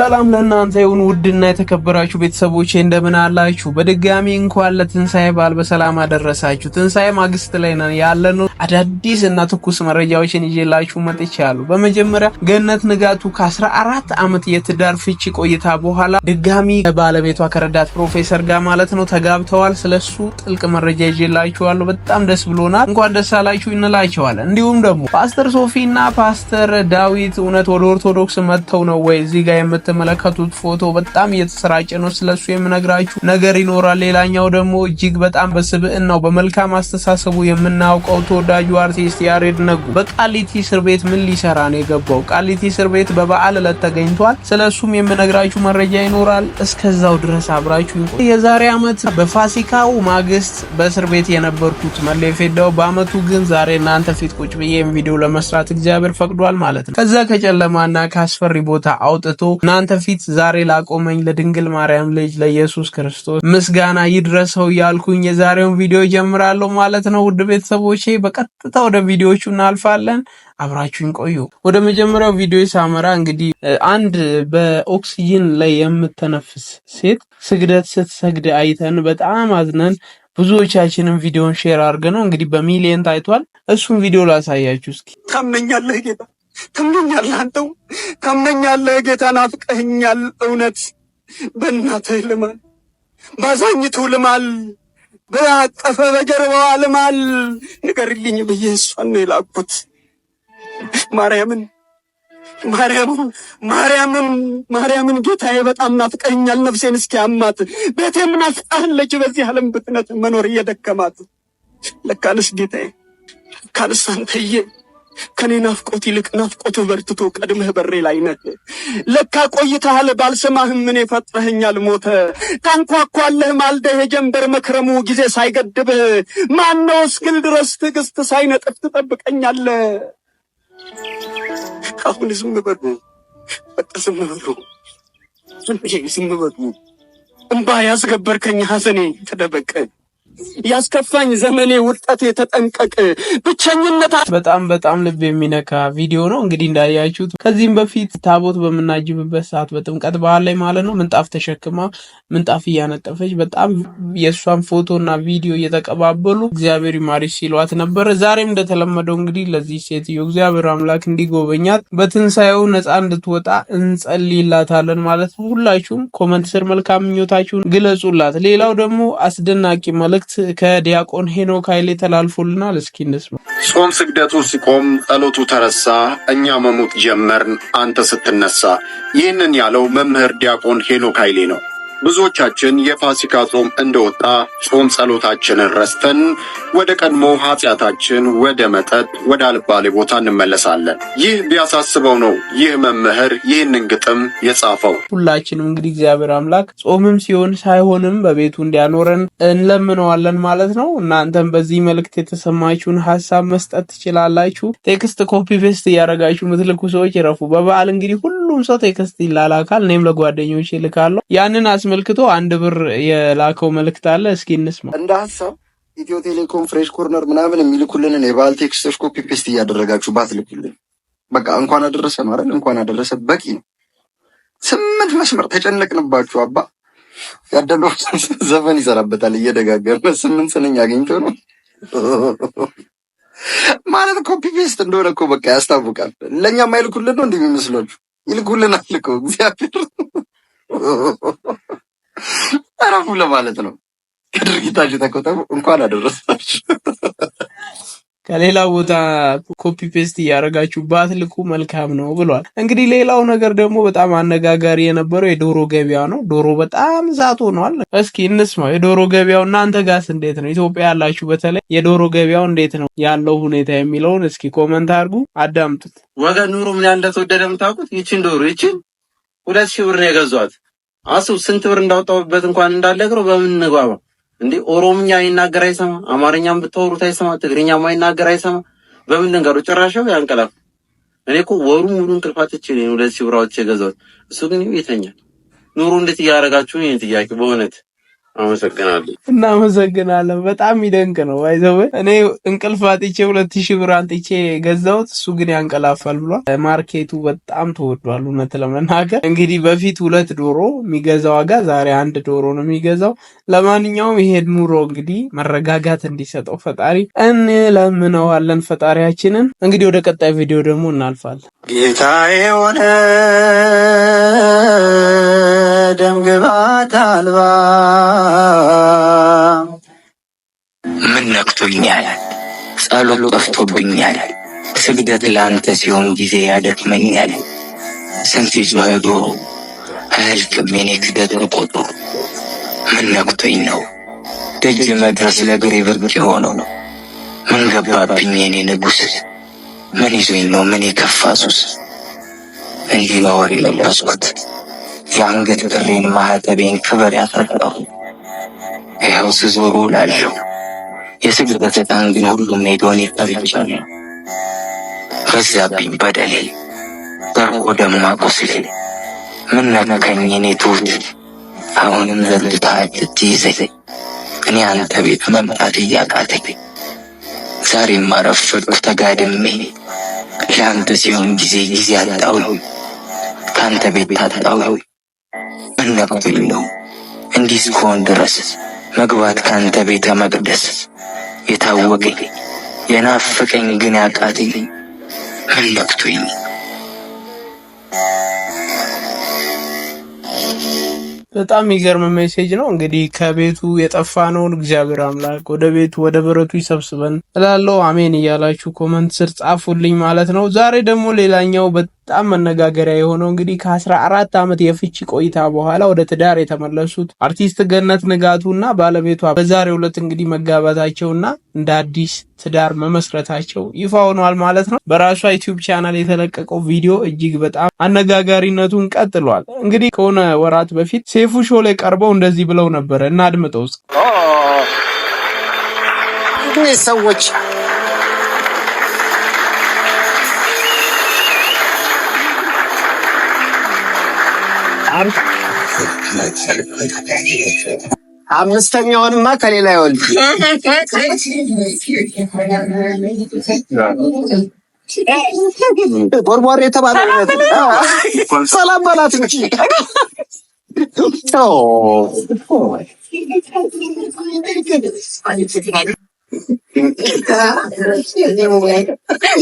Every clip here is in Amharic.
ሰላም ለእናንተ ይሁን ውድና የተከበራችሁ ቤተሰቦቼ እንደምን አላችሁ? በድጋሚ እንኳን ለትንሳኤ በዓል በሰላም አደረሳችሁ። ትንሳኤ ማግስት ላይ ነን ያለነው አዳዲስ እና ትኩስ መረጃዎችን ይዤላችሁ መጥቻለሁ። በመጀመሪያ ገነት ንጋቱ ከ14 ዓመት የትዳር ፍቺ ቆይታ በኋላ ድጋሚ ባለቤቷ ከረዳት ፕሮፌሰር ጋር ማለት ነው ተጋብተዋል። ስለሱ ጥልቅ መረጃ ይዤላችኋለሁ። በጣም ደስ ብሎናል። እንኳን ደስ አላችሁ እንላቸዋለን። እንዲሁም ደግሞ ፓስተር ሶፊ እና ፓስተር ዳዊት እውነት ወደ ኦርቶዶክስ መጥተው ነው ወይ እዚህ ጋር የምት የምትመለከቱት ፎቶ በጣም እየተሰራጨ ነው። ስለሱ የምነግራችሁ ነገር ይኖራል። ሌላኛው ደግሞ እጅግ በጣም በስብዕናው በመልካም አስተሳሰቡ የምናውቀው ተወዳጁ አርቲስት ያሬድ ነጉ በቃሊቲ እስር ቤት ምን ሊሰራ ነው የገባው? ቃሊቲ እስር ቤት በበዓል ዕለት ተገኝቷል። ስለሱም የምነግራችሁ መረጃ ይኖራል። እስከዛው ድረስ አብራችሁ ይሁን። የዛሬ ዓመት በፋሲካው ማግስት በእስር ቤት የነበርኩት መለፌ ዳው፣ በአመቱ ግን ዛሬ እናንተ ፊት ቁጭ ብዬ ቪዲዮ ለመስራት እግዚአብሔር ፈቅዷል ማለት ነው። ከዛ ከጨለማና ከአስፈሪ ቦታ አውጥቶ በእናንተ ፊት ዛሬ ላቆመኝ ለድንግል ማርያም ልጅ ለኢየሱስ ክርስቶስ ምስጋና ይድረሰው ያልኩኝ የዛሬውን ቪዲዮ ጀምራለሁ ማለት ነው። ውድ ቤተሰቦቼ በቀጥታ ወደ ቪዲዮቹ እናልፋለን። አብራችሁ ቆዩ። ወደ መጀመሪያው ቪዲዮ ሳመራ እንግዲህ አንድ በኦክሲጂን ላይ የምትተነፍስ ሴት ስግደት ስትሰግድ አይተን በጣም አዝነን ብዙዎቻችንም ቪዲዮን ሼር አድርገ ነው እንግዲህ በሚሊየን ታይቷል። እሱን ቪዲዮ ላሳያችሁ እስኪ ታመኛለህ ጌታ ታምነኛለህ፣ አንተው ታምነኛለህ። ጌታ ናፍቀኸኛል። እውነት በእናትህ ልማል፣ ባዛኝቱ ልማል፣ በአቀፈ በጀርባዋ ልማል። ንገርልኝ ብዬ እሷን ነው የላኩት። ማርያምን ማርያምን ማርያምን ማርያምን ጌታዬ በጣም ናፍቀኸኛል። ነፍሴን እስኪ አማት ቤቴም ናፍቃለች። በዚህ ዓለም ብትነት መኖር እየደከማት ለካንስ ጌታዬ ለካንስ አንተዬ ከኔ ናፍቆት ይልቅ ናፍቆትህ በርትቶ ቀድመህ በሬ ላይ ነህ። ለካ ቆይተሃል ባልሰማህም ምን የፈጥረኸኛል ሞተ ታንኳኳለህ ማልደህ የጀንበር መክረሙ ጊዜ ሳይገድብህ ማነው እስክል ድረስ ትዕግስት ሳይነጥፍ ትጠብቀኛለህ። አሁን ዝም በሉ በቃ ዝም በሉ ዝም በሉ እምባ ያስገበርከኝ ሐዘኔ ተደበቀ። ያስከፋኝ ዘመኔ ውርጠት የተጠንቀቅ ብቸኝነት በጣም በጣም ልብ የሚነካ ቪዲዮ ነው። እንግዲህ እንዳያችሁት ከዚህም በፊት ታቦት በምናጅብበት ሰዓት በጥምቀት ባህል ላይ ማለት ነው ምንጣፍ ተሸክማ ምንጣፍ እያነጠፈች በጣም የእሷን ፎቶና ቪዲዮ እየተቀባበሉ እግዚአብሔር ማሪ ሲሏት ነበረ። ዛሬም እንደተለመደው እንግዲህ ለዚህ ሴትዮ እግዚአብሔር አምላክ እንዲጎበኛት በትንሳኤው ነፃ እንድትወጣ እንጸልይላታለን ማለት ነው። ሁላችሁም ኮመንት ስር መልካም ምኞታችሁን ግለጹላት። ሌላው ደግሞ አስደናቂ መልክ መልእክት ከዲያቆን ሄኖክ ኃይሌ ተላልፎልናል። እስኪ እንስማ። ጾም ስግደቱ ሲቆም ጸሎቱ ተረሳ፣ እኛ መሞት ጀመርን አንተ ስትነሳ። ይህንን ያለው መምህር ዲያቆን ሄኖክ ኃይሌ ነው። ብዙዎቻችን የፋሲካ ጾም እንደወጣ ጾም ጸሎታችንን ረስተን ወደ ቀድሞ ኃጢአታችን፣ ወደ መጠጥ፣ ወደ አልባሌ ቦታ እንመለሳለን። ይህ ቢያሳስበው ነው ይህ መምህር ይህንን ግጥም የጻፈው። ሁላችንም እንግዲህ እግዚአብሔር አምላክ ጾምም ሲሆን ሳይሆንም በቤቱ እንዲያኖረን እንለምነዋለን ማለት ነው። እናንተም በዚህ መልእክት የተሰማችሁን ሀሳብ መስጠት ትችላላችሁ። ቴክስት ኮፒ ፔስት እያደረጋችሁ ምትልኩ ሰዎች ይረፉ። በበዓል እንግዲህ ሁሉም ሰው ቴክስት ይላላካል። እኔም ለጓደኞች ይልካለሁ ያንን አስመልክቶ አንድ ብር የላከው መልእክት አለ። እስኪ እንስማ። እንደ ሀሳብ ኢትዮ ቴሌኮም ፍሬሽ ኮርነር ምናምን የሚልኩልንን የባህል ቴክስቶች ኮፒ ፔስት እያደረጋችሁ ባትልኩልን በቃ እንኳን አደረሰ ማለት እንኳን አደረሰ በቂ ነው። ስምንት መስመር ተጨነቅንባችሁ አባ ያደለው ዘፈን ይሰራበታል እየደጋገመ ስምንት ስንኝ አግኝቶ ነው ማለት ኮፒ ፔስት እንደሆነ እኮ በቃ ያስታውቃል። ለእኛ ማይልኩልን ነው እንዲህ የሚመስሏችሁ ይልኩልን እኮ እግዚአብሔር አረፉ ለማለት ነው። ከድርጊታችሁ ተቆጠቡ። እንኳን አደረሳችሁ። ከሌላ ቦታ ኮፒ ፔስት እያደረጋችሁ ባትልኩ መልካም ነው ብሏል። እንግዲህ ሌላው ነገር ደግሞ በጣም አነጋጋሪ የነበረው የዶሮ ገበያ ነው። ዶሮ በጣም እሳት ሆኗል። እስኪ እንስማው። የዶሮ ገበያው እናንተ ጋስ እንዴት ነው? ኢትዮጵያ ያላችሁ በተለይ የዶሮ ገበያው እንዴት ነው ያለው ሁኔታ የሚለውን እስኪ ኮመንት አድርጉ፣ አዳምጡት። ወገን ኑሮ ምን ያህል እንደተወደደ የምታውቁት ይችን ዶሮ ይችን ሁለት ሺህ ብር ነው የገዟት አስብ ስንት ብር እንዳወጣሁበት እንኳን እንዳለ እንዳልነግረው በምን እንግባባ እንዴ? ኦሮምኛ ይናገር አይሰማ፣ አማርኛም ብታወሩት አይሰማ፣ ትግርኛም አይናገር አይሰማ፣ በምን ልንገረው? ጭራሽው ያንቀላፍ። እኔ እኮ ወሩ ሙሉ እንቅልፋትቼ ነው ለዚህ ብራዎች የገዛሁት። እሱ ግን ይተኛል። ኑሮ እንዴት እያደረጋችሁ ነው? ጥያቄ በእውነት አመሰግናለሁ እናመሰግናለን። በጣም የሚደንቅ ነው። ባይዘው እኔ እንቅልፍ አጥቼ ሁለት ሺህ ብር አንጥቼ ገዛሁት፣ እሱ ግን ያንቀላፋል ብሏል። ማርኬቱ በጣም ተወዷል። እውነት ለመናገር እንግዲህ በፊት ሁለት ዶሮ የሚገዛ ዋጋ ዛሬ አንድ ዶሮ ነው የሚገዛው። ለማንኛውም ይሄ ኑሮ እንግዲህ መረጋጋት እንዲሰጠው ፈጣሪ እንለምነዋለን ፈጣሪያችንን። እንግዲህ ወደ ቀጣይ ቪዲዮ ደግሞ እናልፋለን። ጌታ የሆነ ደም ግባት አልባ ምን ነክቶኛል? ጸሎት ጠፍቶብኛል። ስግደት ለአንተ ሲሆን ጊዜ ያደክመኛል። ስንት ይዞ ሄዶ አያልቅም የኔ ክደት ቆጡ ምን ነክቶኝ ነው ደጅ መድረስ ለእግሬ ብርቅ የሆነው ነው። ምን ገባብኝ የኔ ንጉሥ ምን ይዞኝ ነው ምን የከፋ ሱስ እንዲኖር የለበስኩት የአንገት ጥሬን ማህተቤን ክበር ያፈረጠው ይኸው ስዞር ላለሁ የስግደት ዕጣን ግን ሁሉም ሜዶን ይጠርቻለ። በዛብኝ በደሌ ደርቆ ደማ ቁስሌ ምን ነካኝ እኔ ትሁት አሁንም ዘልታ ልትይዘኝ እኔ አንተ ቤት መምጣት እያቃተኝ ዛሬም አረፍኩ ተጋድሜ ለአንተ ሲሆን ጊዜ ጊዜ አጣው። ከአንተ ቤት ታጣው እነቅብለው እንዲህ እስከሆን ድረስ መግባት ከአንተ ቤተ መቅደስ የታወቀኝ የናፍቀኝ ግን ያቃተኝ ምን ነክቶኝ በጣም የሚገርም ሜሴጅ ነው። እንግዲህ ከቤቱ የጠፋ ነውን እግዚአብሔር አምላክ ወደ ቤቱ ወደ ብረቱ ይሰብስበን እላለሁ። አሜን እያላችሁ ኮመንት ስር ጻፉልኝ ማለት ነው። ዛሬ ደግሞ ሌላኛው በጣም መነጋገሪያ የሆነው እንግዲህ ከአስራ አራት ዓመት የፍቺ ቆይታ በኋላ ወደ ትዳር የተመለሱት አርቲስት ገነት ንጋቱ እና ባለቤቷ በዛሬው ዕለት እንግዲህ መጋባታቸውና እንደ አዲስ ትዳር መመስረታቸው ይፋ ሆኗል ማለት ነው። በራሷ ዩቲዩብ ቻናል የተለቀቀው ቪዲዮ እጅግ በጣም አነጋጋሪነቱን ቀጥሏል። እንግዲህ ከሆነ ወራት በፊት ሴፉ ሾ ላይ ቀርበው እንደዚህ ብለው ነበረ። እናድምጠውስ ሰዎች አምስተኛውንማ ከሌላ ይወል ቦርቧሪ የተባለ ሰላም በላት እንጂ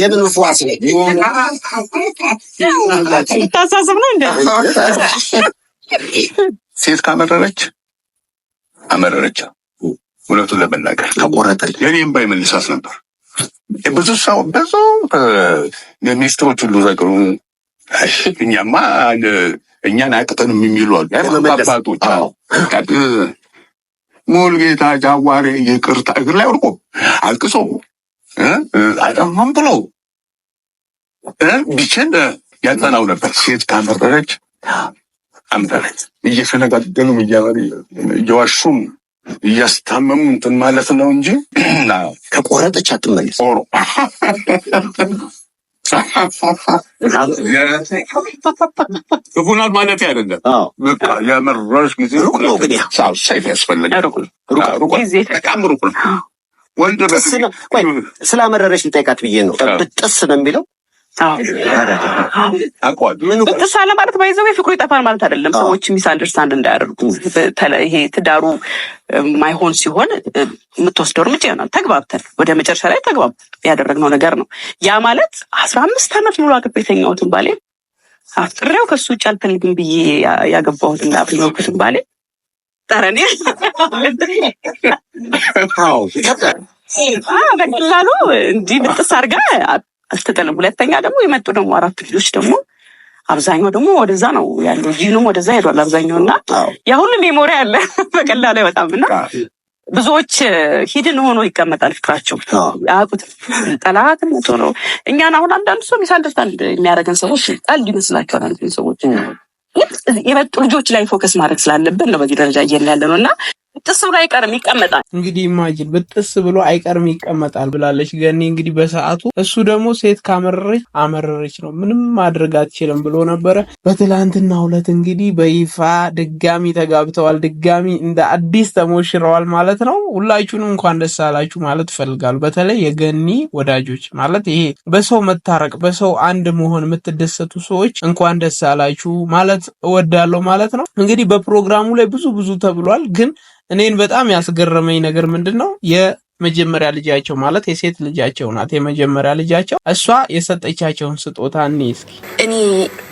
የምን ውስዋስ ታሳስብ ነው እንደ ሴት ካመረረች አመረረች። እውነቱን ለመናገር ተቆረጠል። የኔም እምባ ነበር። ብዙ ሰው ብዙ ሚኒስትሮች ሁሉ ዘቅሩ እኛማ እኛን አቅጠንም የሚሉ አሉ አባቶች ሙልጌታ ጃዋሬ ይቅርታ እግር ላይ ወድቆ አልቅሶ አጠማም ብሎ ቢቸን ያጠናው ነበር። ሴት ካመረረች አምረረች። እየሸነጋገሉም እየዋሹም እያስታመሙ እንትን ማለት ነው እንጂ ከቆረጠች አትመለስ። ክፉናት ማለት አይደለም። የምሮች ጊዜ ሩቅ ነው፣ ግን ሰይፍ ያስፈልጋል። ሩቅ ነው። ወንድ ስላመረረች ልጠይቃት ብዬ ነው። ብጥስ ነው የሚለው ጥሳ ማለት ባይዘው ፍቅሩ ይጠፋል ማለት አይደለም። ሰዎች ሚስ አንደርስታንድ እንዳያደርጉ ይሄ ትዳሩ ማይሆን ሲሆን የምትወስደው እርምጃ ይሆናል። ተግባብተን ወደ መጨረሻ ላይ ተግባብተን ያደረግነው ነገር ነው። ያ ማለት አስራ አምስት ዓመት ሙሉ አግብ የተኛሁትን ባሌ አፍቅሬው ከሱ ውጭ አልፈልግም ብዬ ያገባሁትና ያፈመኩትን ባሌ ጠረኔ በቀላሉ እንዲህ ምጥስ አድርጋ አልተጠለም። ሁለተኛ ደግሞ የመጡ ደግሞ አራት ልጆች ደግሞ አብዛኛው ደግሞ ወደዛ ነው ያለው፣ ጂኑም ወደዛ ሄዷል አብዛኛው እና ያ ሁሉ ሜሞሪ አለ በቀላሉ በጣም እና ብዙዎች ሂድን ሆኖ ይቀመጣል ፍቅራቸው አቁት ጠላት መቶ ነው እኛን አሁን አንዳንድ ሰው ሚሳንደርስታንድ የሚያደርገን ሰዎች ጣል ይመስላቸዋል አንድ ሰዎች የመጡ ልጆች ላይ ፎከስ ማድረግ ስላለብን ነው በዚህ ደረጃ እየን ያለ ነው እና ጥስ ብሎ አይቀርም ይቀመጣል። እንግዲህ ኢማጂን ብጥስ ብሎ አይቀርም ይቀመጣል ብላለች ገኒ። እንግዲህ በሰዓቱ እሱ ደግሞ ሴት ካመረረች አመረረች ነው፣ ምንም ማድረግ አትችልም ብሎ ነበረ። በትላንትና ሁለት እንግዲህ በይፋ ድጋሚ ተጋብተዋል፣ ድጋሚ እንደ አዲስ ተሞሽረዋል ማለት ነው። ሁላችሁንም እንኳን ደስ አላችሁ ማለት እፈልጋለሁ። በተለይ የገኒ ወዳጆች ማለት ይሄ በሰው መታረቅ፣ በሰው አንድ መሆን የምትደሰቱ ሰዎች እንኳን ደስ አላችሁ ማለት እወዳለሁ ማለት ነው። እንግዲህ በፕሮግራሙ ላይ ብዙ ብዙ ተብሏል ግን እኔን በጣም ያስገረመኝ ነገር ምንድን ነው የመጀመሪያ ልጃቸው ማለት የሴት ልጃቸው ናት። የመጀመሪያ ልጃቸው እሷ የሰጠቻቸውን ስጦታ እኔ እስኪ እኔ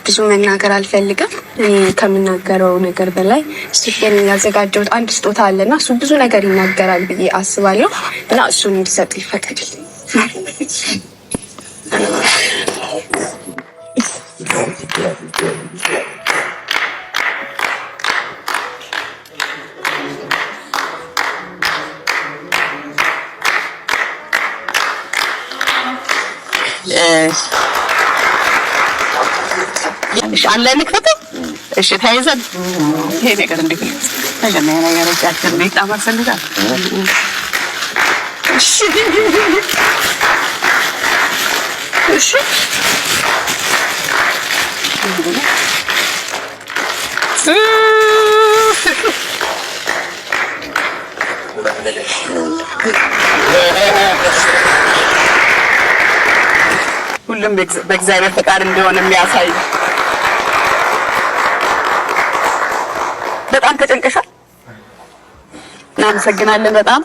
ብዙ መናገር አልፈልግም። እኔ ከምናገረው ነገር በላይ እሱ ያዘጋጀሁት አንድ ስጦታ እና እሱ ብዙ ነገር ይናገራል ብዬ አስባለሁ እና እሱን እንዲሰጥ ይፈቀድል። ኦንላይን ልክፈተው? እሺ ተይዘን ይሄ ነገር እንዴት ነው? መጀመሪያ ነገሮቻችን ቤት አማሰልታል። እሺ እሺ Thank you. ሁሉም በእግዚአብሔር ፈቃድ እንደሆነ የሚያሳይ በጣም ተጨንቀሻል። እናመሰግናለን በጣም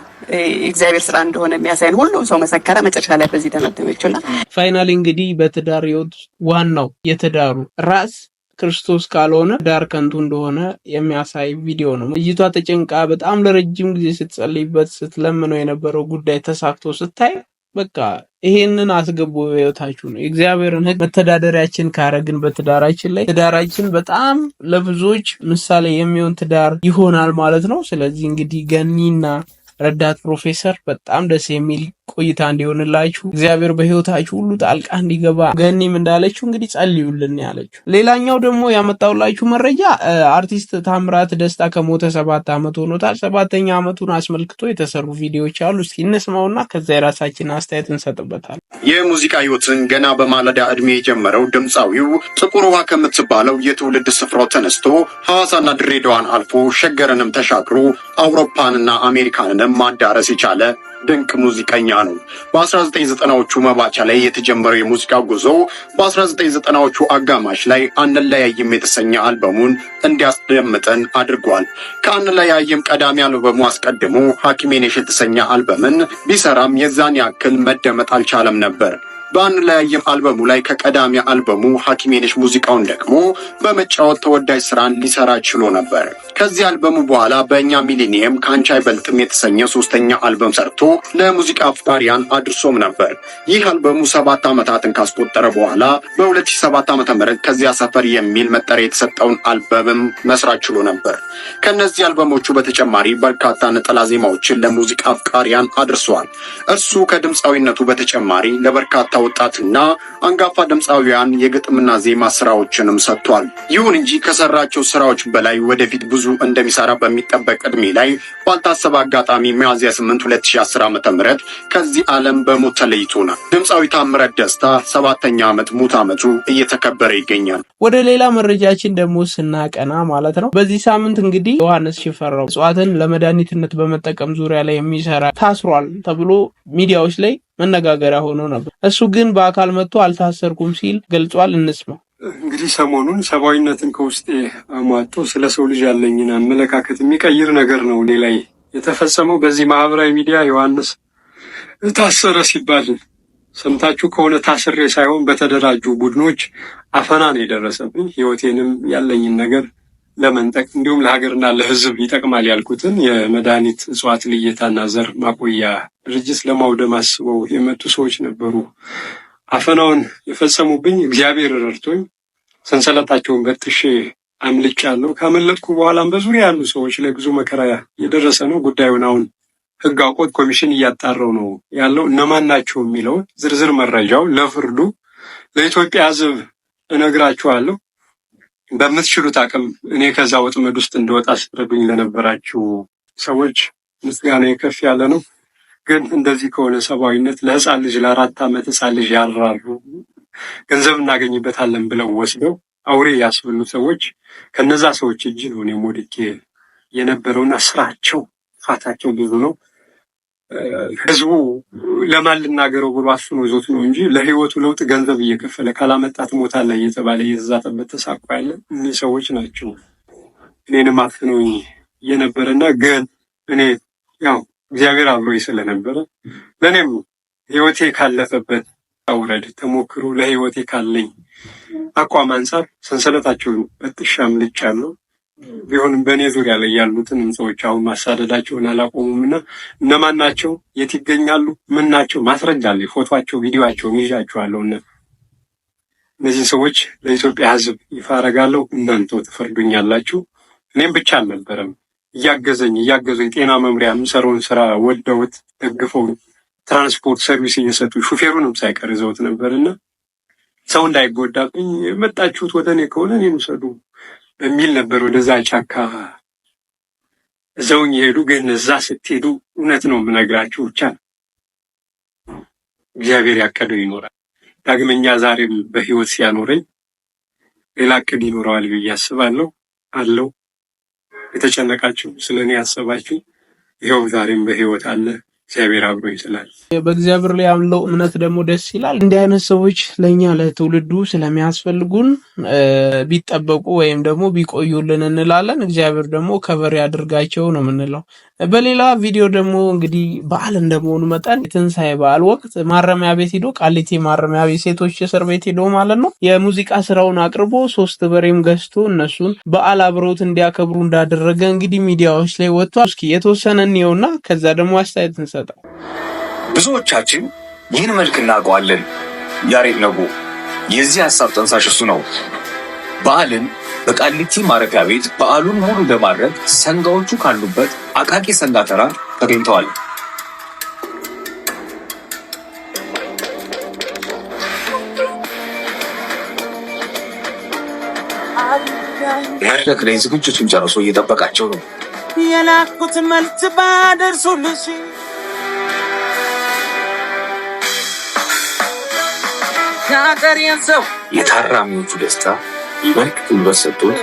እግዚአብሔር ስራ እንደሆነ የሚያሳይን ሁሉም ሰው መሰከረ። መጨረሻ ላይ በዚህ ተመደበችና ፋይናል እንግዲህ በትዳር ህይወት ዋናው የትዳሩ ራስ ክርስቶስ ካልሆነ ዳር ከንቱ እንደሆነ የሚያሳይ ቪዲዮ ነው። ልጅቷ ተጨንቃ በጣም ለረጅም ጊዜ ስትጸልይበት ስትለምነው የነበረው ጉዳይ ተሳክቶ ስታይ በቃ ይሄንን አስገቡ በህይወታችሁ ነው። የእግዚአብሔርን ህግ መተዳደሪያችን ካረግን በትዳራችን ላይ ትዳራችን በጣም ለብዙዎች ምሳሌ የሚሆን ትዳር ይሆናል ማለት ነው። ስለዚህ እንግዲህ ገኒና ረዳት ፕሮፌሰር በጣም ደስ የሚል ቆይታ እንዲሆንላችሁ እግዚአብሔር በህይወታችሁ ሁሉ ጣልቃ እንዲገባ ገኒም እንዳለችው እንግዲህ ጸልዩልን ያለችው። ሌላኛው ደግሞ ያመጣውላችሁ መረጃ አርቲስት ታምራት ደስታ ከሞተ ሰባት ዓመት ሆኖታል። ሰባተኛ ዓመቱን አስመልክቶ የተሰሩ ቪዲዮዎች አሉ። እስኪ እንስማውና ከዛ የራሳችን አስተያየት እንሰጥበታል። የሙዚቃ ህይወትን ገና በማለዳ እድሜ የጀመረው ድምፃዊው ጥቁር ውሃ ከምትባለው የትውልድ ስፍራው ተነስቶ ሐዋሳና ድሬዳዋን አልፎ ሸገርንም ተሻግሮ አውሮፓንና አሜሪካንንም ዓለም ማዳረስ የቻለ ድንቅ ሙዚቀኛ ነው። በ1990ዎቹ መባቻ ላይ የተጀመረው የሙዚቃ ጉዞ በ1990ዎቹ አጋማሽ ላይ አንለያይም የተሰኘ አልበሙን እንዲያስደምጠን አድርጓል። ከአንለያይም ቀዳሚ አልበሙ አስቀድሞ ሐኪሜ ነሽ የተሰኘ አልበምን ቢሰራም የዛን ያክል መደመጥ አልቻለም ነበር። በአንለያይም አልበሙ ላይ ከቀዳሚ አልበሙ ሐኪሜነሽ ሙዚቃውን ደግሞ በመጫወት ተወዳጅ ስራን ሊሰራ ችሎ ነበር። ከዚህ አልበሙ በኋላ በእኛ ሚሊኒየም ከአንቺ አይበልጥም የተሰኘ ሶስተኛ አልበም ሰርቶ ለሙዚቃ አፍቃሪያን አድርሶም ነበር። ይህ አልበሙ ሰባት ዓመታትን ካስቆጠረ በኋላ በ2007 ዓ.ም ከዚያ ሰፈር የሚል መጠሪያ የተሰጠውን አልበምም መስራት ችሎ ነበር። ከነዚህ አልበሞቹ በተጨማሪ በርካታ ነጠላ ዜማዎችን ለሙዚቃ አፍቃሪያን አድርሰዋል። እርሱ ከድምፃዊነቱ በተጨማሪ ለበርካታ ወጣትና አንጋፋ ድምፃውያን የግጥምና ዜማ ስራዎችንም ሰጥቷል። ይሁን እንጂ ከሰራቸው ስራዎች በላይ ወደፊት ብዙ እንደሚሰራ በሚጠበቅ እድሜ ላይ ባልታሰበ አጋጣሚ ሚያዝያ 8 2010 ም ከዚህ ዓለም በሞት ተለይቶና። ድምፃዊ ታምረት ደስታ ሰባተኛ ዓመት ሙት ዓመቱ እየተከበረ ይገኛል። ወደ ሌላ መረጃችን ደግሞ ስናቀና ማለት ነው በዚህ ሳምንት እንግዲህ ዮሐንስ ሽፈራው እጽዋትን ለመድኃኒትነት በመጠቀም ዙሪያ ላይ የሚሰራ ታስሯል ተብሎ ሚዲያዎች ላይ መነጋገሪያ ሆኖ ነበር። እሱ ግን በአካል መጥቶ አልታሰርኩም ሲል ገልጿል። እንስማ። እንግዲህ ሰሞኑን ሰብአዊነትን ከውስጤ አሟጦ ስለ ሰው ልጅ ያለኝን አመለካከት የሚቀይር ነገር ነው እኔ ላይ የተፈጸመው። በዚህ ማህበራዊ ሚዲያ ዮሐንስ ታሰረ ሲባል ሰምታችሁ ከሆነ ታስሬ ሳይሆን በተደራጁ ቡድኖች አፈና ነው የደረሰብኝ። ህይወቴንም ያለኝን ነገር ለመንጠቅ እንዲሁም ለሀገርና ለሕዝብ ይጠቅማል ያልኩትን የመድኃኒት እጽዋት ልየታና ዘር ማቆያ ድርጅት ለማውደም አስበው የመጡ ሰዎች ነበሩ። አፈናውን የፈጸሙብኝ እግዚአብሔር ረድቶኝ ሰንሰለታቸውን በጥሼ አምልጫለሁ። ካመለጥኩ በኋላም በዙሪያ ያሉ ሰዎች ላይ ብዙ መከራ የደረሰ ነው። ጉዳዩን አሁን ሕግ አውቆት ኮሚሽን እያጣራው ነው ያለው። እነማን ናቸው የሚለውን ዝርዝር መረጃው ለፍርዱ ለኢትዮጵያ ሕዝብ እነግራችኋለሁ። በምትችሉት አቅም እኔ ከዛ ወጥመድ ውስጥ እንደወጣ ስትረዱኝ ለነበራችሁ ሰዎች ምስጋና ከፍ ያለ ነው። ግን እንደዚህ ከሆነ ሰብአዊነት ለህፃን ልጅ ለአራት ዓመት ህፃን ልጅ ያራሉ ገንዘብ እናገኝበታለን ብለው ወስደው አውሬ ያስብሉ ሰዎች ከነዛ ሰዎች እጅ ነው እኔ የነበረውና ስራቸው ፋታቸው ብዙ ነው። ህዝቡ ለማን ልናገረው ብሎ አስኖ ይዞት ነው እንጂ ለህይወቱ ለውጥ ገንዘብ እየከፈለ ካላመጣት ትሞታለህ እየተባለ እየተዛጠበት ተሳቆ ያለ እኒህ ሰዎች ናቸው። እኔንም አፍነው የነበረና ግን እኔ ያው እግዚአብሔር አብሮኝ ስለነበረ ለእኔም ህይወቴ ካለፈበት አውረድ ተሞክሮ ለህይወቴ ካለኝ አቋም አንጻር ሰንሰለታቸውን በጥሻም ምልጫ ቢሆንም በእኔ ዙሪያ ላይ ያሉትንም ሰዎች አሁን ማሳደዳቸውን አላቆሙም እና እነማን ናቸው፣ የት ይገኛሉ፣ ምን ናቸው ማስረጃ አለ። ፎቶቸው፣ ቪዲዮቸውን ይዣችኋለሁ። እና እነዚህ ሰዎች ለኢትዮጵያ ሕዝብ ይፋ አረጋለሁ። እናንተው ትፈርዱኛላችሁ። እኔም ብቻ አልነበረም እያገዘኝ እያገዙ የጤና መምሪያ የምሰራውን ስራ ወደውት ደግፈው ትራንስፖርት ሰርቪስ እየሰጡ ሹፌሩንም ሳይቀር ይዘውት ነበር እና ሰው እንዳይጎዳብኝ የመጣችሁት ወደ እኔ ከሆነ እኔን ውሰዱ በሚል ነበር ወደዛ ጫካ እዘውኝ የሄዱ። ግን እዛ ስትሄዱ እውነት ነው የምነግራችሁ ብቻ ነው እግዚአብሔር ያቀደው ይኖራል። ዳግመኛ ዛሬም በህይወት ሲያኖረኝ ሌላ እቅድ ይኖረዋል ብዬ አስባለሁ። አለው የተጨነቃችሁ ስለ እኔ ያሰባችሁ ይኸው ዛሬም በህይወት አለ። እግዚአብሔር አብሮ ይጥላል። በእግዚአብሔር ላይ ያለው እምነት ደግሞ ደስ ይላል። እንዲህ አይነት ሰዎች ለእኛ ለትውልዱ ስለሚያስፈልጉን ቢጠበቁ ወይም ደግሞ ቢቆዩልን እንላለን። እግዚአብሔር ደግሞ ከበር ያድርጋቸው ነው የምንለው። በሌላ ቪዲዮ ደግሞ እንግዲህ በዓል እንደመሆኑ መጠን የትንሳኤ በዓል ወቅት ማረሚያ ቤት ሂዶ ቃሊቲ ማረሚያ ቤት ሴቶች እስር ቤት ሂዶ ማለት ነው የሙዚቃ ስራውን አቅርቦ ሶስት በሬም ገዝቶ እነሱን በዓል አብረውት እንዲያከብሩ እንዳደረገ እንግዲህ ሚዲያዎች ላይ ወጥቷል። እስኪ የተወሰነ እንየውና ከዛ ደግሞ አስተያየት እንሰጠው። ብዙዎቻችን ይህን መልክ እናውቀዋለን። ያሬድ ነጎ የዚህ ሀሳብ ጠንሳሽ እሱ ነው። በዓልን በቃሊቲ ማረፊያ ቤት በዓሉን ሙሉ ለማድረግ ሰንጋዎቹ ካሉበት አቃቂ ሰንጋ ተራ ተገኝተዋል። መድረክ ላይ ዝግጅቱን ጨርሶ እየጠበቃቸው ነው። የላኩት መልዕክት ባደርሱልሽ የሀገሬን ሰው የታራሚዎቹ ደስታ መልክ ጉልበት ሰጥቶት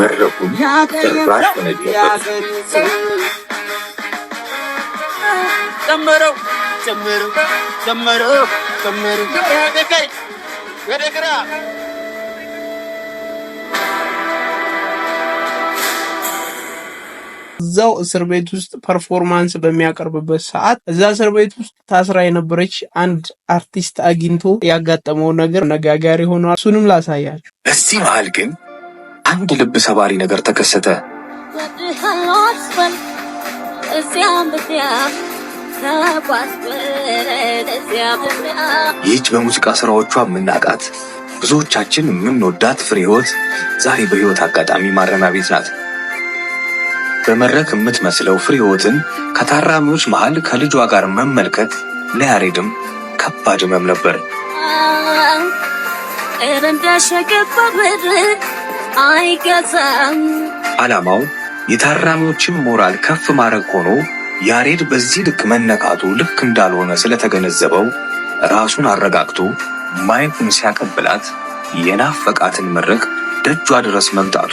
መድረኩን ጭራሽ በነጀበት ጨመረው ጨመረው ጨመረው ጨመረው ወደ ግራ እዛው እስር ቤት ውስጥ ፐርፎርማንስ በሚያቀርብበት ሰዓት እዛ እስር ቤት ውስጥ ታስራ የነበረች አንድ አርቲስት አግኝቶ ያጋጠመው ነገር ነጋጋሪ ሆኗል። እሱንም ላሳያችሁ። በዚህ መሀል ግን አንድ ልብ ሰባሪ ነገር ተከሰተ። ይህች በሙዚቃ ስራዎቿ የምናውቃት ብዙዎቻችን የምንወዳት ፍሬ ህይወት ዛሬ በህይወት አጋጣሚ ማረሚያ ቤት ናት። በመድረክ የምትመስለው ፍሬሕይወትን ከታራሚዎች መሃል ከልጇ ጋር መመልከት ለያሬድም ከባድ መም ነበር። ዓላማው የታራሚዎችን ሞራል ከፍ ማድረግ ሆኖ ያሬድ በዚህ ልክ መነካቱ ልክ እንዳልሆነ ስለተገነዘበው ራሱን አረጋግቶ ማየቱን ሲያቀብላት የናፈቃትን መድረክ ደጇ ድረስ መምጣቱ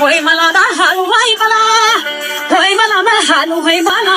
होय मला ना हाल होय मला होय मला ना हाल होय मला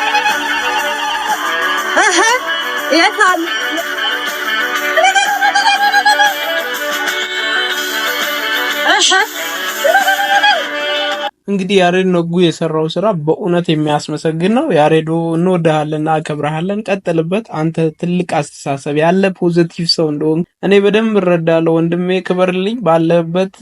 የታል እንግዲህ ያሬድ ነጉ የሰራው ስራ በእውነት የሚያስመሰግን ነው። ያሬዶ እንወድሃለን፣ አከብረሃለን፣ ቀጥልበት። አንተ ትልቅ አስተሳሰብ ያለ ፖዘቲቭ ሰው እንደሆን እኔ በደንብ እረዳለሁ ወንድሜ። ክበርልኝ ባለበት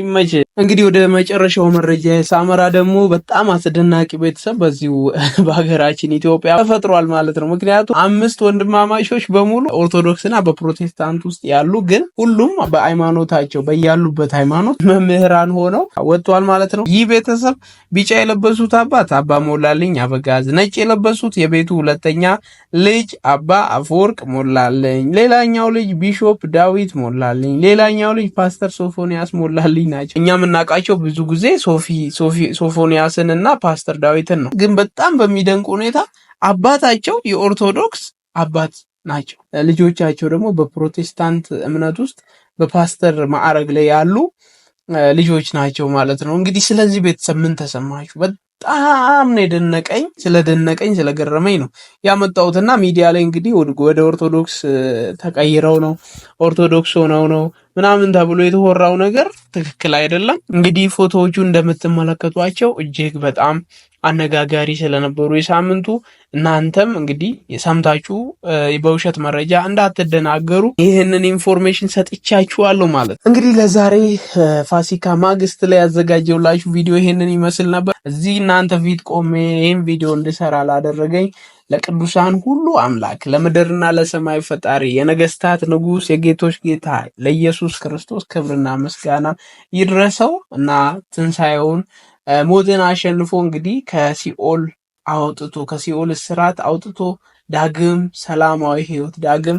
ይመች እንግዲህ ወደ መጨረሻው መረጃ ሳመራ ደግሞ በጣም አስደናቂ ቤተሰብ በዚሁ በሀገራችን ኢትዮጵያ ተፈጥሯል ማለት ነው። ምክንያቱም አምስት ወንድማማቾች በሙሉ ኦርቶዶክስና በፕሮቴስታንት ውስጥ ያሉ ግን ሁሉም በሃይማኖታቸው በያሉበት ሃይማኖት መምህራን ሆነው ወጥቷል ማለት ነው። ይህ ቤተሰብ ቢጫ የለበሱት አባት አባ ሞላልኝ አበጋዝ፣ ነጭ የለበሱት የቤቱ ሁለተኛ ልጅ አባ አፈወርቅ ሞላልኝ፣ ሌላኛው ልጅ ቢሾፕ ዳዊት ሞላልኝ፣ ሌላኛው ልጅ ፓስተር ሶፎንያስ ሞላልኝ ናቸው። እኛ የምናውቃቸው ብዙ ጊዜ ሶፊ ሶፎንያስን እና ፓስተር ዳዊትን ነው። ግን በጣም በሚደንቅ ሁኔታ አባታቸው የኦርቶዶክስ አባት ናቸው። ልጆቻቸው ደግሞ በፕሮቴስታንት እምነት ውስጥ በፓስተር ማዕረግ ላይ ያሉ ልጆች ናቸው ማለት ነው። እንግዲህ ስለዚህ ቤተሰብ ምን ተሰማችሁ? በጣም ነው የደነቀኝ። ስለደነቀኝ ስለገረመኝ ነው ያመጣሁትና ሚዲያ ላይ እንግዲህ ወደ ኦርቶዶክስ ተቀይረው ነው ኦርቶዶክስ ሆነው ነው ምናምን ተብሎ የተወራው ነገር ትክክል አይደለም። እንግዲህ ፎቶዎቹ እንደምትመለከቷቸው እጅግ በጣም አነጋጋሪ ስለነበሩ የሳምንቱ እናንተም እንግዲህ የሰምታችሁ በውሸት መረጃ እንዳትደናገሩ ይህንን ኢንፎርሜሽን ሰጥቻችኋለሁ ማለት ነው። እንግዲህ ለዛሬ ፋሲካ ማግስት ላይ ያዘጋጀውላችሁ ቪዲዮ ይህንን ይመስል ነበር። እዚህ እናንተ ፊት ቆሜ ይህን ቪዲዮ እንድሰራ ላደረገኝ ለቅዱሳን ሁሉ አምላክ ለምድርና ለሰማይ ፈጣሪ የነገስታት ንጉስ የጌቶች ጌታ ለኢየሱስ ክርስቶስ ክብርና ምስጋና ይድረሰው እና ትንሣኤውን ሞትን አሸንፎ እንግዲህ ከሲኦል አውጥቶ ከሲኦል እስራት አውጥቶ ዳግም ሰላማዊ ህይወት ዳግም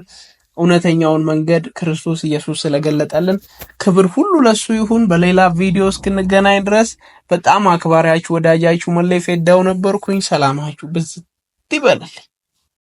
እውነተኛውን መንገድ ክርስቶስ ኢየሱስ ስለገለጠልን ክብር ሁሉ ለሱ ይሁን። በሌላ ቪዲዮ እስክንገናኝ ድረስ በጣም አክባሪያችሁ ወዳጃችሁ መለይ ፌዳው ነበርኩኝ። ሰላማችሁ ብዝት ይበላል።